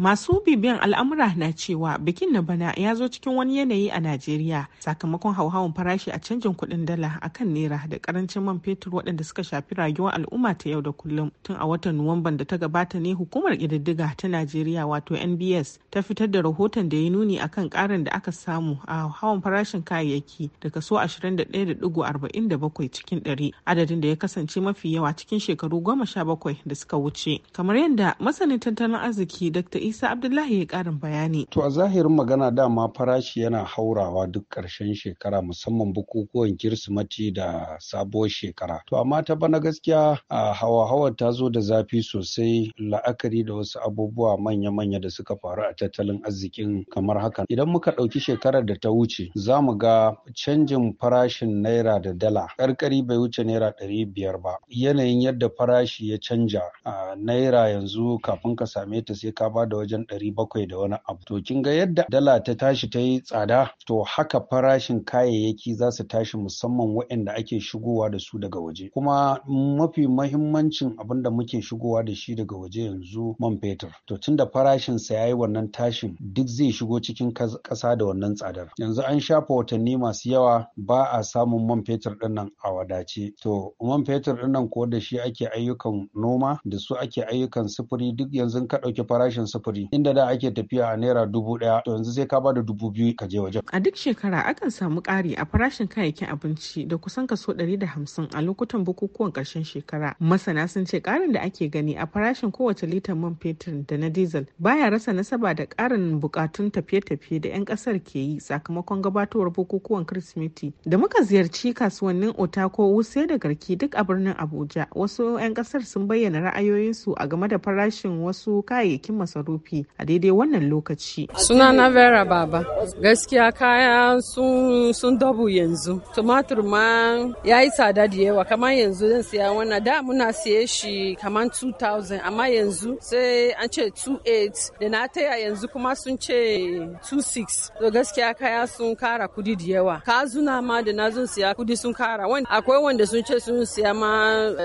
Masu bibiyan al'amura na cewa bikin na bana ya zo cikin wani yanayi a Najeriya sakamakon hauhawan farashi a canjin kuɗin dala a kan naira da karancin man fetur waɗanda suka shafi rayuwar al'umma ta yau da kullum. Tun a watan Nuwamban da ta gabata ne hukumar ƙididdiga ta Najeriya wato NBS ta fitar da rahoton da ya nuni a kan ƙarin da aka samu a hauhawan farashin kayayyaki da kaso bakwai cikin ɗari adadin da ya kasance mafi yawa cikin shekaru goma sha bakwai da suka wuce. Kamar yadda masanin tattalin arziki Dr. Isa Abdullahi ya ƙarin bayani. To a zahirin magana dama farashi yana haurawa duk ƙarshen shekara musamman bukukuwan Kirsimati da sabuwar shekara. To amma ta bana gaskiya a hawa-hawa ta zo da zafi sosai la'akari da wasu abubuwa manya-manya da suka faru a tattalin arzikin kamar haka. Idan muka ɗauki shekarar da ta wuce za mu ga canjin farashin naira da dala ƙarƙari bai wuce naira ɗari biyar ba. Yanayin yadda farashi ya canja naira yanzu kafin ka same ta sai ka ba da wajen ɗari bakwai da wani abu to kin ga yadda dala ta tashi ta yi tsada to haka farashin kayayyaki za su tashi musamman waɗanda ake shigowa da su daga waje kuma mafi mahimmancin abin da muke shigowa da shi daga waje yanzu man fetur to tunda farashin sa ya yi wannan tashin duk zai shigo cikin ƙasa da wannan tsadar yanzu an shafa watanni masu yawa ba a samun man fetur ɗin nan a wadace to man fetur ɗin nan ko da shi ake ayyukan noma da su ake ayyukan sufuri duk yanzu ka ɗauki farashin su sufuri inda da ake tafiya a naira dubu daya to yanzu sai ka ba da dubu biyu ka je wajen. A duk shekara akan samu ƙari a farashin kayayyakin abinci da kusan kaso ɗari da hamsin a lokutan bukukuwan ƙarshen shekara. Masana sun ce ƙarin da ake gani a farashin kowace litar man fetur da na diesel baya rasa nasaba da ƙarin buƙatun tafiye-tafiye da 'yan ƙasar ke yi sakamakon gabatowar bukukuwan Kirsimeti. Da muka ziyarci kasuwannin Otako Wuse da Garki duk a birnin Abuja wasu 'yan ƙasar sun bayyana ra'ayoyinsu a game da farashin wasu kayayyakin masarufi. rufe a daidai wannan lokaci. Suna na Vera Baba. Gaskiya kaya sun dabu yanzu. Tumatur ma ya yi tsada da yawa kamar yanzu zan siya wannan da muna siye shi kamar 2000 amma yanzu sai an ce 28 da na taya yanzu kuma sun ce 26. To gaskiya kaya sun kara kudi da yawa. Kazuna ma da na zan siya kudi sun kara. Akwai wanda sun ce sun siya ma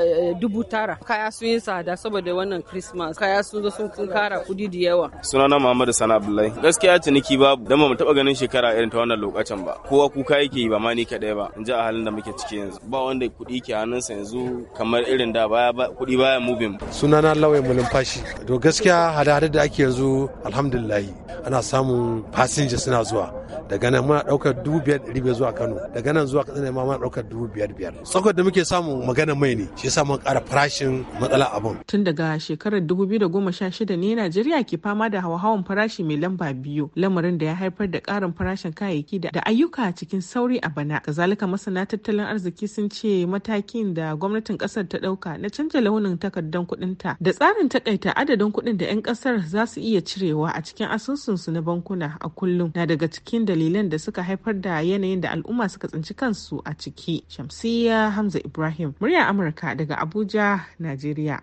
eh, dubu tara. Kaya sun yi tsada saboda wannan Christmas. Kaya sun zo sun kara kudi da yawa. Sunana Muhammadu Sani Abdullahi. Gaskiya ciniki babu dan mu taba ganin shekara irin ta wannan lokacin ba. Kowa kuka yake yi ba ma ni kadai ba. In ji a halin da muke ciki yanzu. Ba wanda kuɗi ke sa yanzu kamar irin da baya kuɗi baya mubin. Sunana Lawai Mulumfashi. To gaskiya hada-hada da ake yanzu alhamdulillahi ana samun fasinja suna zuwa. daga nan muna daukar dubu biyar da ribe zuwa Kano daga nan zuwa Katsina ma muna daukar dubu biyar biyar tsakon da muke samu magana mai ne shi yasa mun farashin matsala abin tun daga shekarar dubu biyu da goma sha shida ne Najeriya ke fama da hauhawan farashi mai lamba biyu lamarin da ya haifar da karin farashin kayayyaki da ayyuka cikin sauri a bana kazalika masana tattalin arziki sun ce matakin da gwamnatin kasar ta ɗauka na canza launin takardar ta da tsarin takaita adadin kudin da 'yan kasar za su iya cirewa a cikin asusunsu na bankuna a kullum na daga cikin dalilan da suka haifar da yanayin da al'umma suka tsinci kansu a ciki. Shamsiyya Hamza Ibrahim, murya Amurka daga Abuja, Najeriya.